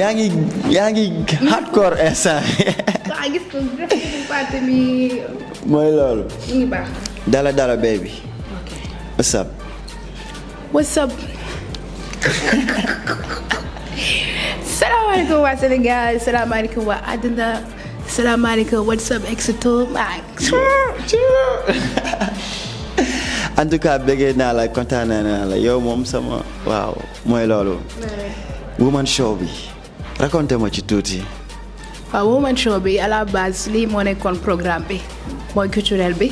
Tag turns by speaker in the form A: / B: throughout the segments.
A: yaa ngi yaa ngi hardcore instant. waaw mooy loolu. dala dala baby. ok what's up.
B: what's WhatsApp exito
A: en tout cas bëggee naa la kontaan naa la yow moom sama waaw mooy loolu. woman show raconté ma ci tuuti.
B: waaw Women Show bi à la lii moo nekkoon programme bi mooy culturel bi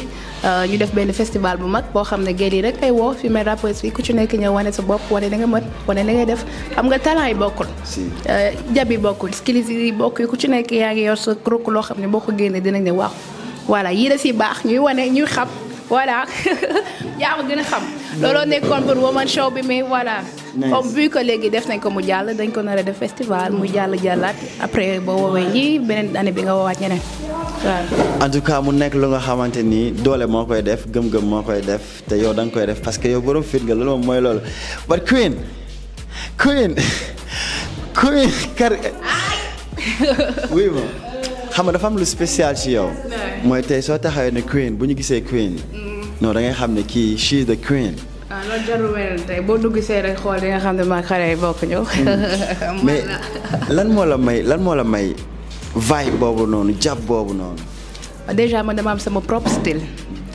B: euh, ñu def benn festival bu mag boo xam ne géej yi rek ay woo fi may rappeurs yi ku ci nekk ñëw wane sa bopp wane da nga mën wane da ngay def xam nga talent yi bokkul. si euh, jab yi bokkul yi bokkul ku ci nekk yaa ngi yor sa rukk loo xam ne boo ko génnee dinañ ne waaw. voilà yii da si baax ñuy wane ñuy xam. voilà yaa ma gën a xam. looloo nekkoon pour woman show bi mais voilà. comme vu que léegi def nañ ko mu jàll dañ ko nar a def festival mu jàll jàllaat après boo woowee ñii beneen année bi nga woowaat ñeneen
A: waaw. en tout cas mu nekk lu nga xamante nii doole moo koy def gëm-gëm moo koy def te yow da koy def parce que yow borom fit nga loolu moom mooy loolu but Queen Queen Queen nga dafa am lu spécial yow. mooy soo taxawee ne Queen bu ñu gisee Queen. Mm. non da xam ne kii she de the queen.
B: ah loolu jarul wéral tey boo dugg see xool di nga xam ne maa xare yi bokk ñëw. Hmm.
A: mais lan moo la may lan moo may vibe boobu noonu jàpp boobu noonu.
B: déjà ma dem am sama propre style.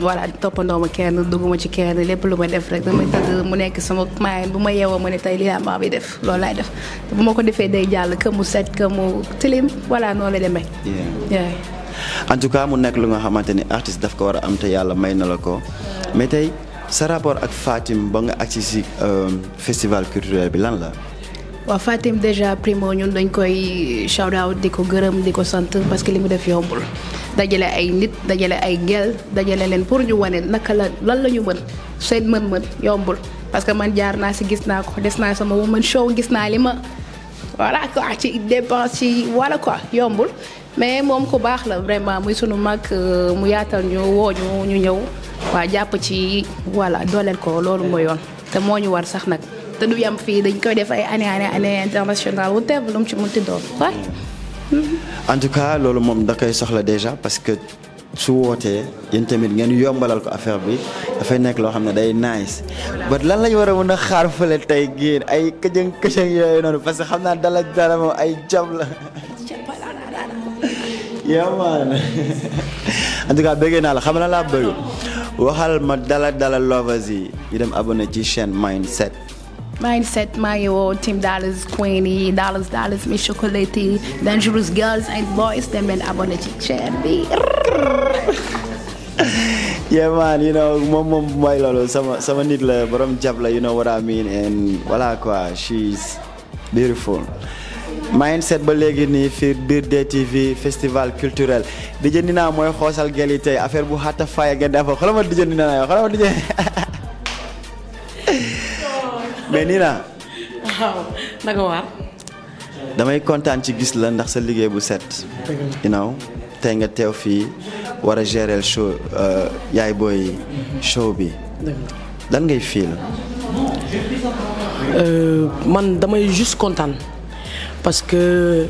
B: voilà toppandoo ma kenn dugguma ci kenn lépp lu ma def rek damay tëdd mu nekk sama maay bu ma yeewoo ma ne tey lii laa bi def loolu laay def bu ma ko defee day jàll que mu set que mu tilim voilà noonu la demee.
A: en tout cas mu nekk lu nga xamante ni artiste daf ko war a am te yàlla may na la ko mais tey sa rapport ak Fatim ba nga agsi si euh, festival culturel bi lan la.
B: waaw Fatim déjà primo ñun dañ koy shout out di ko gërëm di ko sant parce que li mu def yombul dajale ay nit dajale ay gel dajale leen pour ñu wane naka la lan la ñu mën seen mën-mën yombul parce que man jaar naa si gis naa ko des naa sama woman show gis naa li voilà quoi ci dépense ci wala quoi yombul mais moom ku baax la vraiment muy sunu mag euh, mu yaatal ñu wooñu ñu ñu ñëw waa jàpp ci wala dooleel ko loolu mooy yoon te moo ñu war sax nag te du yam fii dañ koy def ay année année année internationale wu teew lu mu ci munti doon waay.
A: en tout cas loolu moom da koy soxla déjà parce que. suwote yéen tamit ngeen yombalal ko affaire bi da fay nek lo xamne day nice but lan lañ wara a xaar fële tay génn ay këjëng këjëng yoy non parce que xamna dala dara mo ay jam la ya man en tout cas bëggee na la xam la laa bëgg waxal ma dala dala lovers yi ñu dem abonné ci chaîne Mindset
B: Mindset my old Team Dollars, Queenie, Dollars, Dollars, Miss Chocolatey, Dangerous Girls and Boys, them and abonné ci chaîne bi
A: yeah man you know moom moom mooy loolu sama sama nit la boroom jàpp la you know what I mean and voilà quoi she's beautiful mindset ba léegi nii fiir biir DTV festival culturel dijjëndi naa mooy xoosal gel affaire bu xatta faye gen dafa xolama dijjëndi naa yow xolama dijjë mais nii naa waaw waar damay kontaan ci gis la ndax sa liggéey bu set you know tey nga teew fii war a gérer show euh, yaay boy, show bi lan ngay feel euh,
C: man damay juste content, parce que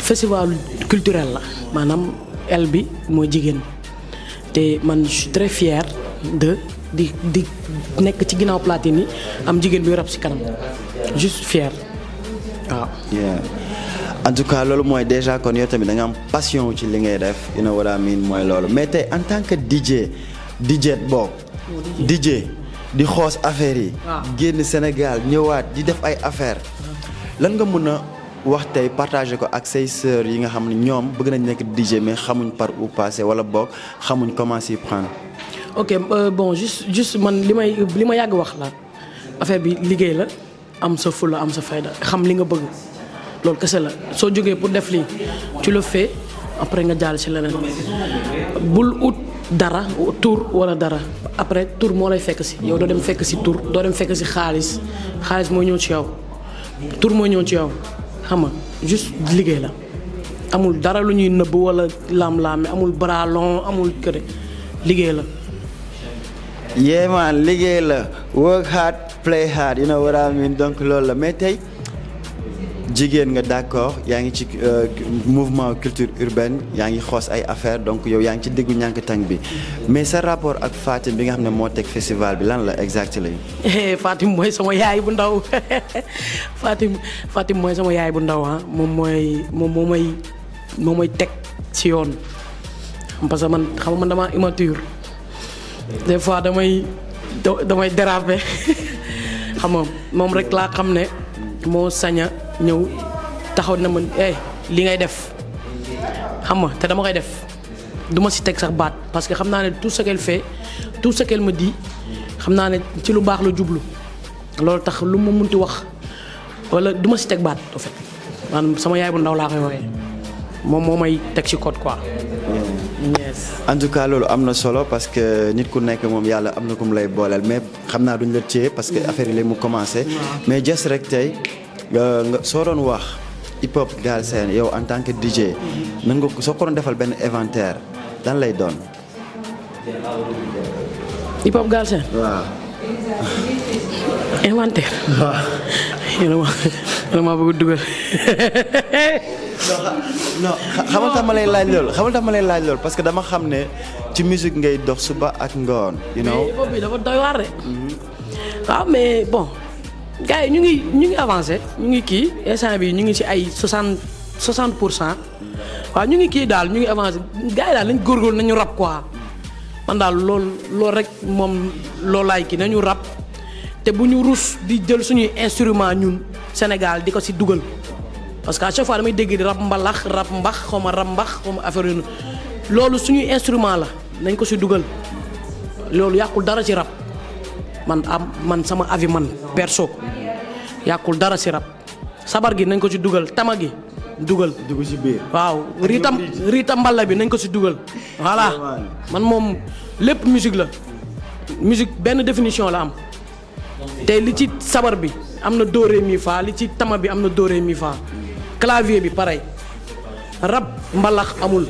C: festival culturel la maanaam el bi mooy jigéen te man je suis très fier de di di nekk ci ginnaaw platine yi am jigéen bi rab ci kanam juste fier
A: waaw en tout cas loolu mooy déjà kon yow tamit da am passion ci li ngay def you know what I mean mooy loolu mais tey en tant que DJ DJ boog. Oh, DJ di xoos affaires yi. génn Sénégal ñëwaat di def ay affaires. lan nga mën a wax tey partagé ko ak say sœurs yi nga xam ne ñoom bëgg nañ nekk DJ mais xamuñ par où passer wala boog xamuñ comment s'y prendre.
C: ok euh, bon juste juste man li may li ma yàgg wax la affaire bi liggéey la am sa fulla am sa fayda xam li nga bëgg. loolu kese la soo jógee pour def lii tu le fais après nga jàll ci leneen bul ut dara tour wala dara après tour moo lay fekk si yow doo dem fekk si tour doo dem fekk si xaalis xaalis mooy ñëw ci yow tur mooy ñëw ci yow xam nga juste liggéey la amul dara lu ñuy nëbb wala lam-laame amul bras amul këre liggéey
A: la yeah liggéey la work hard play hard you know what I mean donc loolu la mais tey Je nga d'accord yaangi ci euh, mouvement culture urbaine yaangi ay affaire donc yow yaangi ci diggu mais ce rapport avec Fatim bi nga festival
C: eh, Fatim suis sama yaay Fatim Fatim moy sama yaay bu ndaw parce que man xam immature des fois damay damay déraper xam rek ñew taxaw na ma eh li ngay def xam nga té dama koy def duma ci si sax baat parce que xam naa ne tout ce qu'elle fait tout ce qu'elle me dit xam naa ne ci lu baax la jublu loolu tax lu ma munti wax wala duma ma si teg baat en fait maanaam sama yaay bu ndaw laa koy woowee moom moo may teg si code quoi. yes
A: en tout cas loolu am na solo parce que nit ku nekk moom yàlla am na ku mu lay booleel mais xam naa duñ la téye parce que mm. affaire yi léegi mu commencé. Mm. mais just rek tey. nga soo doon wax hip hop Galsen yow en tant que DJ. nan nga soo ko doon defal benn inventaire lan lay doon. hip hop Galsen. waaw. inventaire. waaw. yéen a bëgg dugal. non xamal tax ma lay laaj lool xamal tax ma lay laaj lool parce que dama xam ne ci musique ngay dox suba ak ngoon. you know
C: mais dafa doy waar de. Mm-hmm.
A: waaw mais bon.
C: gars yi ñu ngi ñu ngi avancé ñu ngi kii instant bi ñu ngi ci ay 60 60 pour cent waaw ñu ngi kii daal ñu ngi avancé gars yi daal nañ nañu rab ko man daal lool loolu rek moom loolaay kii nañu rab te bu ñu rus di jël suñuy instrument ñun Sénégal di ko si dugal parce que à chaque fois damay dégg di rab mbalax rab mbax xaw ma rab mbax xaw ma affaire yooyu loolu suñuy instrument la nañ ko si dugal loolu yàqul dara ci rab. man am man sama Avi man perso yakul dara si rab sabar gi nañ ci dugal tama gi dugal dugg ci biir waaw ritam ritam balla bi nañ ci dugal voilà man mom lepp musique la musique ben definition la am te li ci sabar bi amna do re mi fa li ci tama bi amna do re mi fa clavier bi pareil rap mbalax amul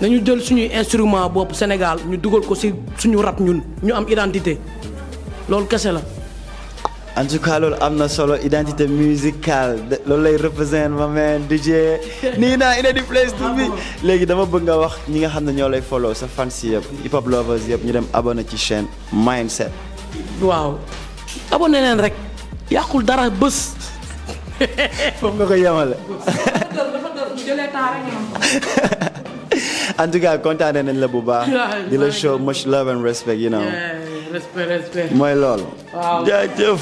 C: nañu jël suñu instrument bop sénégal ñu duggal
A: ko ci suñu rap ñun ñu am identité loolu kese la. en tout loolu am na solo identité musicale loolu lay représente ma man DJ nii di place ah, to be léegi dama bëgg nga wax ñi nga xam ne ñoo lay follow sa fans yëpp hip hop lovers yëpp ñu dem abonné ci chaîne Mindset.
C: waaw abonné leen rek
A: yàqul dara bës foofu nga ko yemale. en tout cas kontaanee nañ la bu baax. di la show much love and respect you know.
C: Respect, respect. Mooy loolu. waaw Thank you.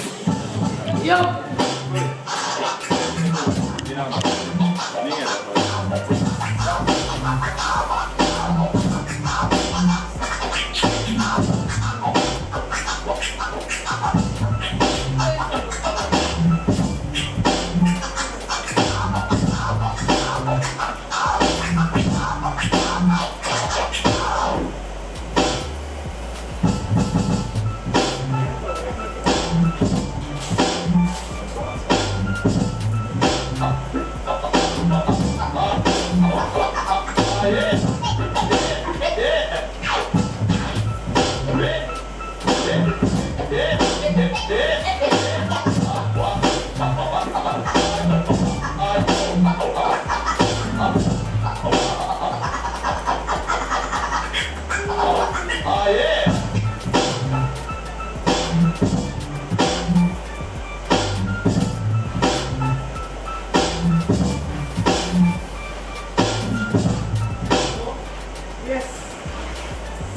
D: Yes.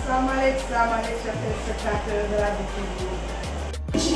D: Some Alex, some Alex, eu tenho certeza que ela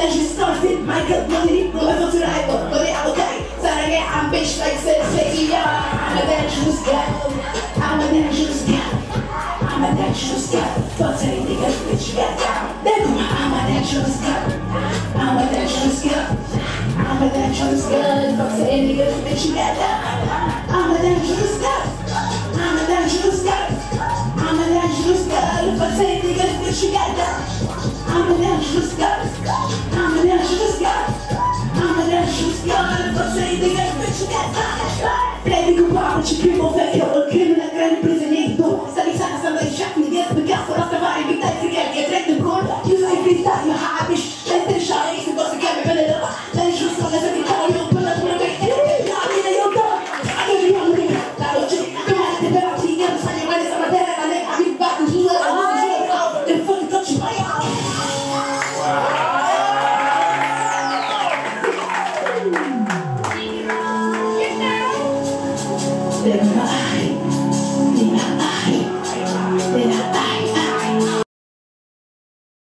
D: Legend stars in my gut money Love to rival Money I'm okay 사랑의 ambish like 센세이야 I'm a dangerous guy I'm a dangerous guy I'm a dangerous guy 버텨이 네가 bitch got down 내 꿈아 I'm a dangerous guy I'm a dangerous guy I'm a dangerous guy 버텨이 네가 bitch got down I'm a dangerous guy I'm a dangerous guy I'm a dangerous guy 버텨이 네가 bitch got down I'm a dangerous guy. I'm a dangerous guy. I'm a dangerous guy. But say they got bitch, you got time. Baby, goodbye, but you keep on.